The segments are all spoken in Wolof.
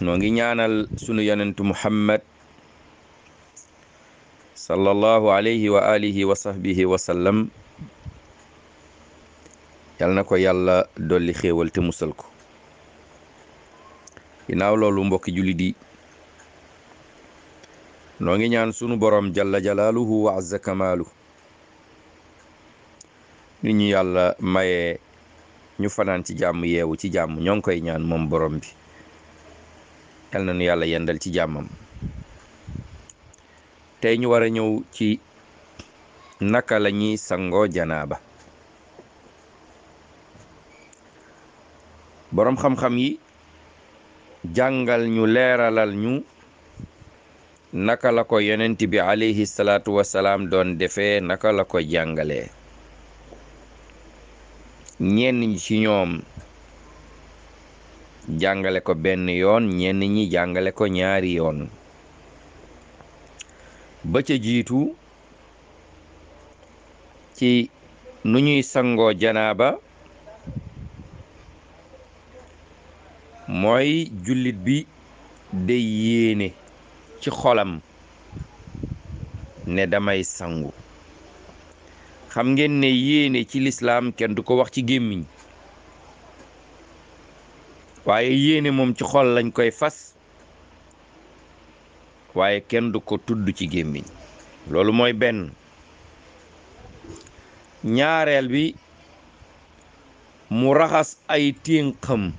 noo ngi ñaanal sunu yonentu muhammad sallallahu alayhi wa alihi wa sahbihi wa yal na ko yàlla dolli xéewal te musal ko ginnaaw loolu mbokki jullit noo ngi ñaan sunu borom jalla jalaaluhu wa azza kamaalu nit ñu yàlla maye ñu fanaan ci jàmm yeewu ci jàmm ñoo ngi koy ñaan moom borom bi yal yàlla yendal ci jàmmam tey ñu war a ñëw ci naka lañuy ñuy sangoo janaaba boroom xam-xam yi jàngal ñu leeralal ñu naka la ko yonent bi alayhi salaatu wasalaam doon defee naka la ko jàngale ñenn ci ñoom jàngale ko benn yoon ñenn ñi jàngale ko ñaari yoon ba ca jiitu ci nu ñuy sangoo janaa ba mooy jullit bi day yéene ci xolam ne damay sangu xam ngeen ne yéene ci lislaam kenn du ko wax ci gémmiñ waaye yéene moom ci xol lañ koy fas waaye kenn du ko tudd ci gémmiñ loolu mooy benn ñaareel bi mu raxas ay ténqam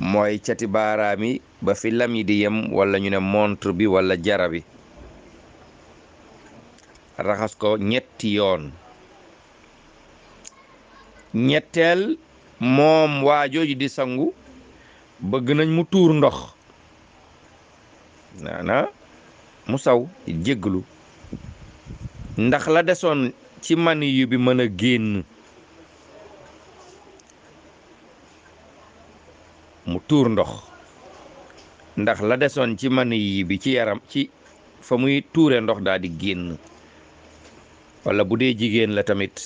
mooy cati baaraam yi ba fi lam yi di yem walla ñu ne montre bi wala jara bi raxas ko ñetti yoon ñetteel moom waa jooju di sangu bëgg nañ mu tuur ndox naana mu saw jégglu ndax la desoon ci maniyu bi génn mu tuur ndox ndax la desoon ci maniyu bi ci yaram ci fa muy tuure ndox daal di génn walla bu dee jigéen la tamit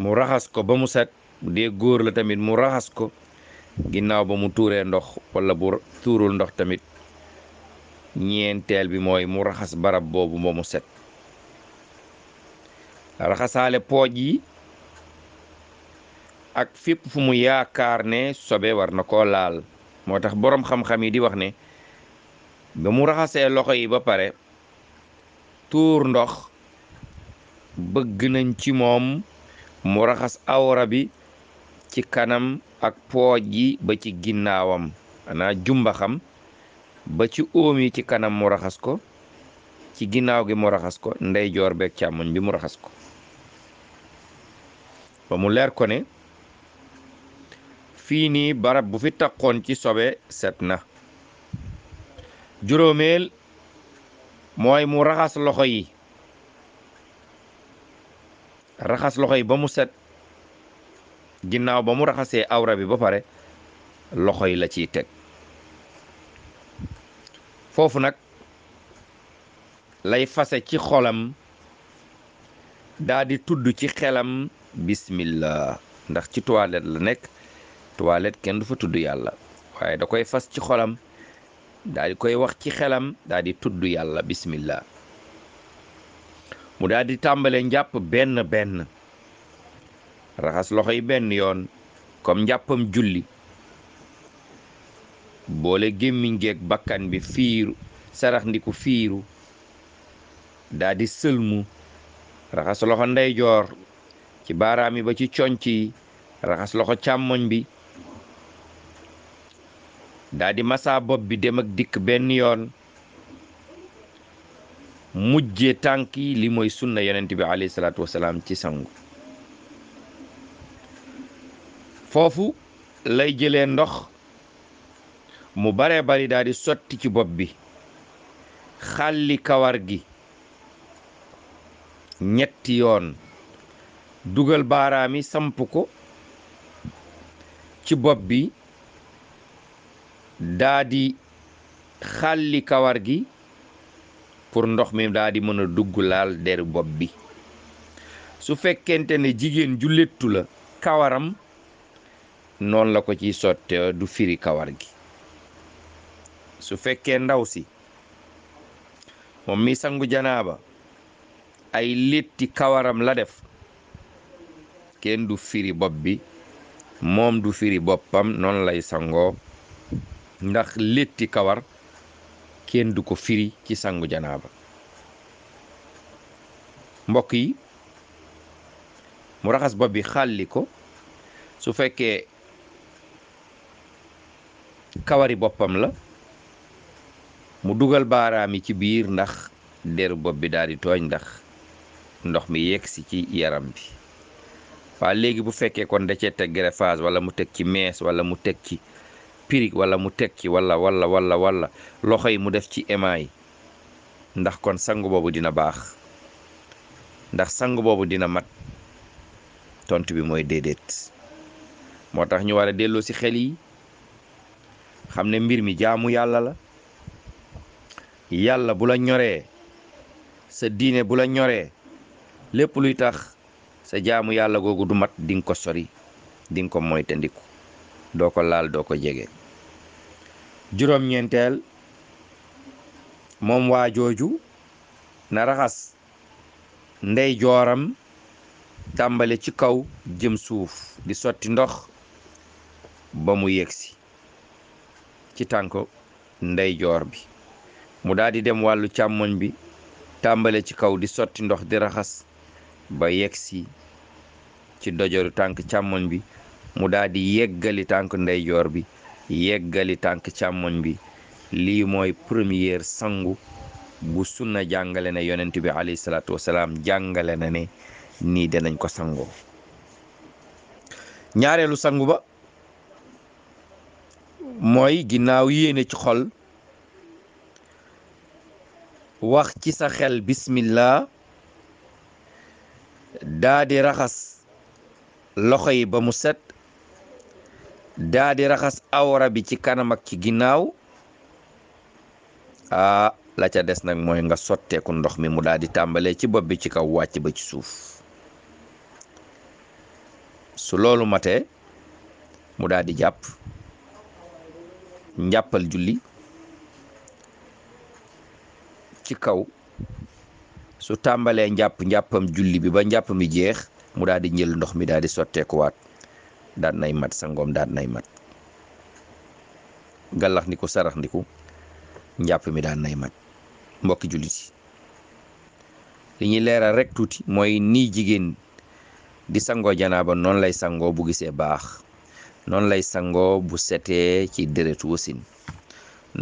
mu raxas ko ba mu set bu dee góor la tamit mu raxas ko ginnaaw ba mu tuuree ndox walla bu tuurul ndox tamit ñeenteel bi mooy mu raxas barab boobu ba mu set raxasaale pooj yi ak fépp fu mu yaakaar ne sobe war na koo laal moo tax boroom xam-xam yi di wax ne ba mu raxasee loxo yi ba pare tuur ndox bëgg nañ ci moom mu raxas awra bi ci kanam ak pooj yi ba ci ginnaawam ana jumbaxam ba ci óom yi ci kanam mu raxas ko ci ginnaaw gi mu raxas ko ndeyjoor beek càmmoñ bi mu raxas ko ba mu leer ko ne fii nii barab bu fi takkoon ci soobe set na juróomeel mooy mu raxas loxo yi raxas loxo yi ba mu set ginnaaw ba mu raxasee awra bi ba pare loxo yi la ciy teg foofu nag lay fase ci xolam daa di tudd ci xelam bismillah ndax ci toilette la nekk toilette kenn du fa tudd yàlla waaye da koy fas ci xolam daa di koy wax ci xelam daa di tudd yàlla bismillah mu daldi tàmbale njàpp benn benn raxas loxo yi benn yoon kom njàppam julli boole gémmiñ geeg bakkan bi fiiru sarax fiiru daal sëlmu raxas loxo ndeyjoor ci baaraam yi ba ci conc yi raxas loxo càmmoñ bi daldi di masaa bopp bi dem ak dikk benn yoon mujje tànk yi li mooy sunna yonent bi alayhi salaatu wasalaam ci sangu foofu lay jële ndox mu bare bari daal sotti ci bopp bi xàlli kawar gi ñetti yoon dugal baaraami samp ko ci bopp bi daa xàlli kawar gi pour ndox mi daal di mën a dugg laal deru bopp bi su fekkente ne jigéen ju léttu la kawaram noonu la ko ci sotte du firi kawar gi su fekkee ndaw si moom mi sangu janaaba ay létti kawaram la def kenn du firi bopp bi moom du firi boppam noonu lay sangoo ndax létti kawar kenn du ko firi ci sangu janaaba mbokk yi mu raxas bopp bi xàlli ko su fekkee kawari boppam la mu dugal baaraam yi ci biir ndax deru bopp bi daldi tooñ ndax ndox mi yegsi ci yaram bi waa léegi bu fekkee kon da cee teg greffage wala mu teg ci mees wala mu teg ci pirig wala mu teg ci walla walla walla walla loxo yi mu def ci émail ndax kon sangu boobu dina baax ndax sangu boobu dina mat tontu bi mooy déedéet moo tax ñu war a delloo ci xel yi xam ne mbir mi jaamu yàlla la yàlla bu la ñoree sa diine bu la ñoree lépp luy tax sa jaamu yàlla googu du mat dinga ko sori dinga ko moytandiku doo ko laal doo ko jege juróom-ñeenteel moom waa jooju na raxas ndeyjooram jooram tàmbale ci kaw jëm suuf di sotti ndox ba mu yegsi ci tànk ndeyjoor bi mu daldi dem wàllu càmmoñ bi tàmbale ci kaw di sotti ndox di raxas ba yegsi ci dojoru tànk càmmoñ bi mu daldi di yeggali tànk ndeyjoor bi yëggali tànk càmmoñ bi lii mooy première sangu bu sunna jàngale na yonent bi alayhi salaatu wasalaam jàngale na ne nii danañ ko sangoo ñaareelu sangu ba mooy ginnaaw yéene ci xol wax ci sa xel bismillah daa raxas loxo yi ba mu set daadi raxas awra bi ci kanam ak ci ginnaaw ah la ca des nag mooy nga sotteeku ndox mi mu daal tàmbalee ci bopp bi ci kaw wàcc ba ci suuf su loolu matee mu daal jàpp njàppal julli ci kaw su tàmbalee njàpp njàppam julli bi ba njàpp mi jeex mu daal di njël ndox mi daal di sotteekuwaat daat nay mat sangoom daat nay mat gàllax ndiku njàpp mi daat nay mat mbokki jullit yi li ñuy leeral rekk tuuti mooy nii jigéen di sangoo janaaba noonu lay sangoo bu gisee baax noonu lay sangoo bu setee ci dëretu wasin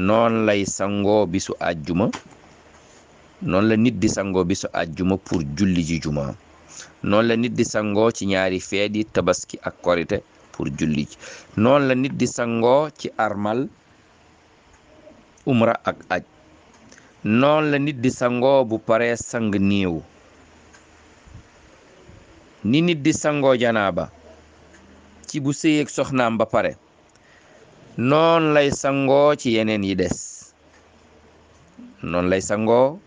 noonu lay sangoo bisu àjjuma noonu la nit di sangoo bisu àjjuma pour julli ji juma noonu la nit di sangoo ci ñaari feedi tabaski ak korite pour julli ji noonu la nit di sangoo ci armal umra ak aj noon la nit di sangoo bu pare sang niiw ni nit di sangoo ba ci bu sëyeeg soxnaam ba pare noon lay sangoo ci yeneen yi des noon lay sangoo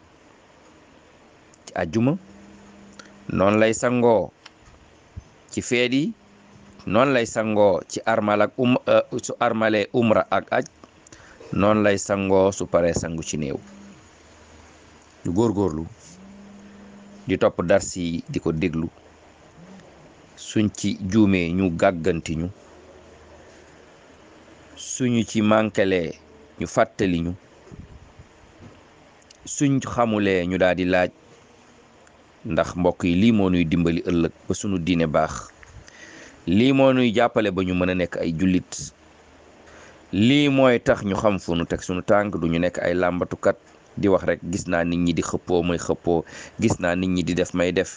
ci àjjuma noonu lay sangoo ci feet yi noonu lay sangoo ci armal ak um uh, su armalee umra ak aj noonu lay sangoo su paree sangu ci néew ñu góorgóorlu di topp dars yi di ko déglu suñ ci juumee ñu gàggantiñu suñu ci mànkelee ñu fàttaliñu suñ xamulee ñu daldi laaj ndax mbokk yi lii moo nuy dimbali ëllëg ba sunu diine baax lii moo nuy jàppale ba ñu mën a nekk ay jullit lii mooy tax ñu xam fu nu teg sunu tànk du ñu nekk ay làmbatukat di wax rek gis naa nit ñi di xëppoo may xëppoo gis naa nit ñi di def may def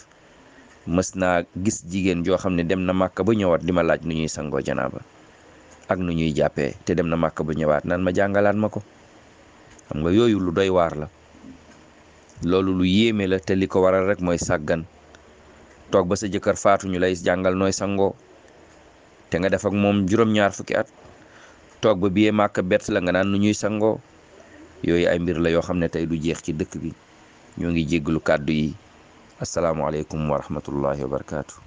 mës naa gis jigéen joo xam ne dem na màkk ba ñëwaat di ma laaj nu ñuy sangoo janaaba ak nu ñuy jàppee te dem na màkk ba ñëwaat naan ma jàngalaat ma ko xam nga yooyu lu doy waar la loolu lu yéeme la te li ko waral rek mooy sàggan toog ba sa jëkkër faatu ñu lay jàngal nooy sangoo te nga def ak moom juróom-ñaar fukki at toog ba biyee màkk bett la nga naan nu ñuy sangoo yooyu ay mbir la yoo xam ne tey du jeex ci dëkk bi ñoo ngi jéggalu kàddu yi asalaamualeykum wa rahmatullahi wa barakaatu.